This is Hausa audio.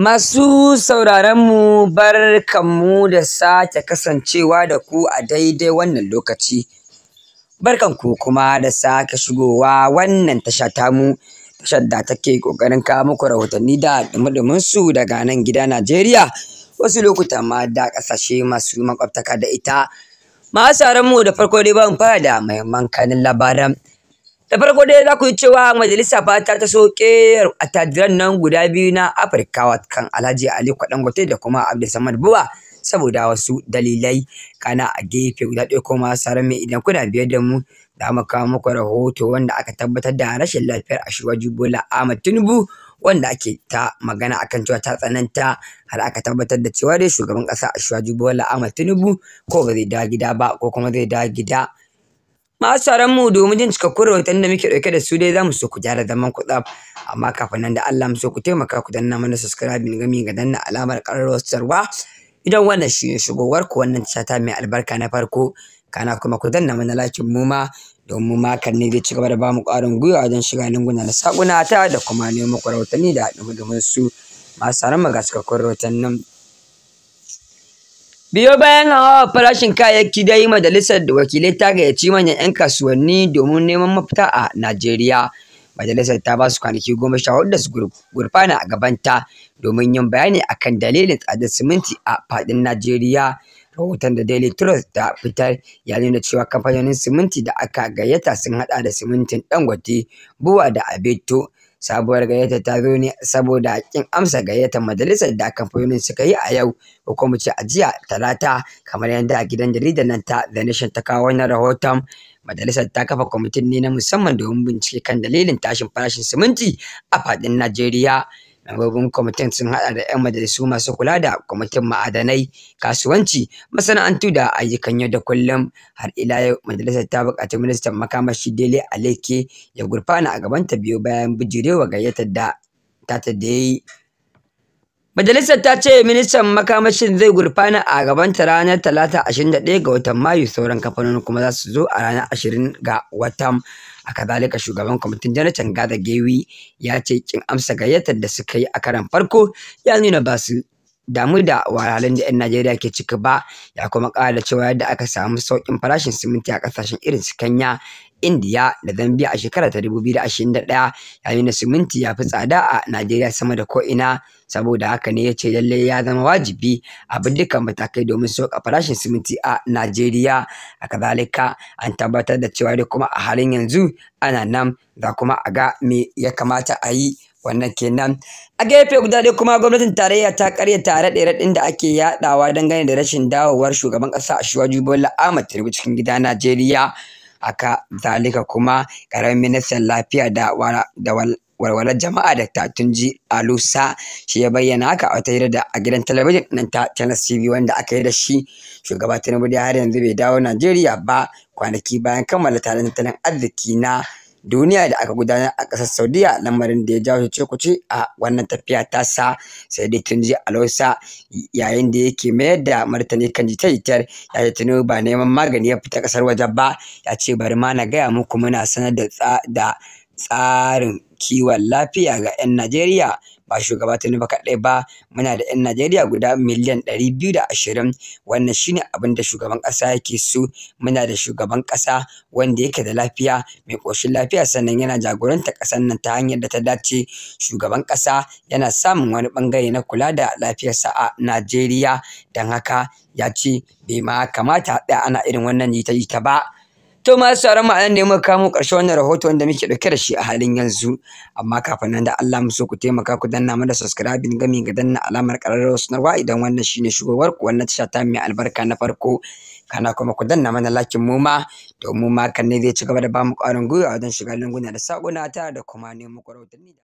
Masu sauraronmu barkanmu da sake kasancewa da ku a daidai wannan lokaci. Barkanku kuma da sake shigowa wannan tasha tamu, tashar da take ƙoƙarin kawo muku rahotanni da dumudumunsu daga nan gida Najeriya, wasu lokuta ma da ƙasashe masu makwabtaka da ita. Masu sauranmu da farko dai ban fara da mahimman kanin labaran. Da farko dai za ku yi cewa majalisa Fata ta so ƙeyar attajiran nan guda biyu na Afirka kan Alhaji Ali Kwaɗangote da kuma Abdulsamad Buba saboda wasu dalilai kana a gefe guda ɗaya kuma sarar mai idan kuna biyar da mu za mu kawo muku rahoto wanda aka tabbatar da rashin lafiyar a Ashwa Bola Ahmad Tinubu wanda ake ta magana akan cewa ta tsananta har aka tabbatar da cewa dai shugaban ƙasa Ashwa Bola Ahmad Tinubu ko ba zai dawo gida ba ko kuma zai dawo gida masu sauran mu domin jin cikakkun rahoton da muke ɗauke da su dai za mu so ku gyara zaman ku tsaf amma kafin nan da Allah mu so ku taimaka ku danna mana ga gami ga danna alamar ƙararrawar sarwa idan wannan shi ne shigowar ku wannan chata mai albarka na farko kana kuma ku danna mana lakin mu ma don mu ma kan ne zai ci gaba da bamu ƙwarin gwiwa wajen shiga lunguna na saƙuna ta da kuma nemo rahotanni da haɗin su masu sauran mu ga cikakkun rahoton nan Biyo bayan hawa farashin kayayyaki dai majalisar wakilai ta gayyaci manyan 'yan kasuwanni domin neman mafita a Najeriya. Majalisar ta ba su kwanaki goma sha hudu da su gurfana a gabanta domin yin bayani akan dalilin tsadar siminti a fadin Najeriya. Rahoton da Daily Trust da fitar ya nuna cewa kamfanonin siminti da aka gayyata sun haɗa da simintin Dangote, Buwa da Abeto Sabuwar gayyata ta zo ne saboda kin amsa gayyatar majalisar da kamfanonin suka yi a yau ko kuma ce a jiya talata kamar yadda a gidan jaridar nan ta The Nation ta kawo wannan rahoton Majalisar ta kafa kwamitin ne na musamman domin bincike kan dalilin tashin farashin siminti a fadin Najeriya. Membobin kwamitin sun haɗa da 'yan majalisu masu kula da kwamitin ma'adanai, kasuwanci, masana'antu da ayyukan yau da kullum. Har ila yau majalisar ta buƙaci ministan makamashi Dele Aleke ya gurfana a gabanta biyu bayan bijirewa gayyatar da ta da ya yi Majalisar ta ce ministan makamashin zai gurfana a gabanta ranar talata 21 ga watan Mayu sauran kamfanonin kuma za su zo a ranar ashirin ga watan. A kazalika shugaban kwamitin janatan Gaza Gewi ya ce kin amsa gayyatar da suka yi a karan farko ya nuna ba su damu da wahalhalun da 'yan Najeriya ke ciki ba ya kuma ƙara da cewa yadda aka samu sauƙin farashin siminti a ƙasashen irin su Kenya Indiya da Zambia a shekara ta 2021 yayin da siminti ya fi tsada a Najeriya sama da ko'ina saboda haka ne ya ce lalle ya zama wajibi a bin dukkan matakai domin sauka farashin siminti a Najeriya. A kazalika an tabbatar da cewa dai kuma a halin yanzu ana nan za kuma a ga me ya kamata a yi wannan kenan a gefe guda dai kuma gwamnatin tarayya ta karya tare da raɗin da ake yadawa dangane da rashin dawowar shugaban ƙasa a Bola ahmad Tinubu cikin gida Najeriya aka zalika kuma karamin ministan lafiya da walwalar jama'a da tatunji alusa shi ya bayyana haka a wata da a gidan talabijin nan ta tv wanda aka yi da shi shugaba tinubu da har yanzu bai dawo najeriya ba kwanaki bayan kammala taron tattalin arziki na duniya da aka gudanar a ƙasar Saudiya lamarin da ya jawo ce kuce a wannan tafiya ta sa, sai dai Tunji alausa yayin da yake mayar da martani kan jita-jitar ya ce tuni ba neman magani ya fita ƙasar waje ba ya ce bari ma na gaya muku muna sanar da tsarin kiwon lafiya ga 'yan Najeriya ba shugaba nufa kaɗai ba muna da 'yan Najeriya guda miliyan ɗari biyu da ashirin wannan shine abin da shugaban ƙasa yake so muna da shugaban ƙasa wanda yake da lafiya mai ƙoshin lafiya sannan yana jagoranta ƙasar nan ta hanyar da ta dace shugaban ƙasa yana samun wani ɓangare na kula da lafiyarsa a Najeriya don haka ya ce bai ma kamata a ana irin wannan jita-jita ba. To masu sauran mu ne muka kamo ƙarshen wannan rahoto wanda muke ɗauke da shi a halin yanzu. Amma kafin nan da Allah mu so ku taimaka ku danna mana subscribing gami ga danna alamar ƙararrawa sanarwa idan wannan shine shigowar ku wannan tasha ta mai albarka na farko. Kana kuma ku danna mana lakin mu ma domin ma kan ne zai ci gaba da ba mu ƙwarin gwiwa wajen shiga lunguna da saƙuna ta da kuma nemo rahotanni.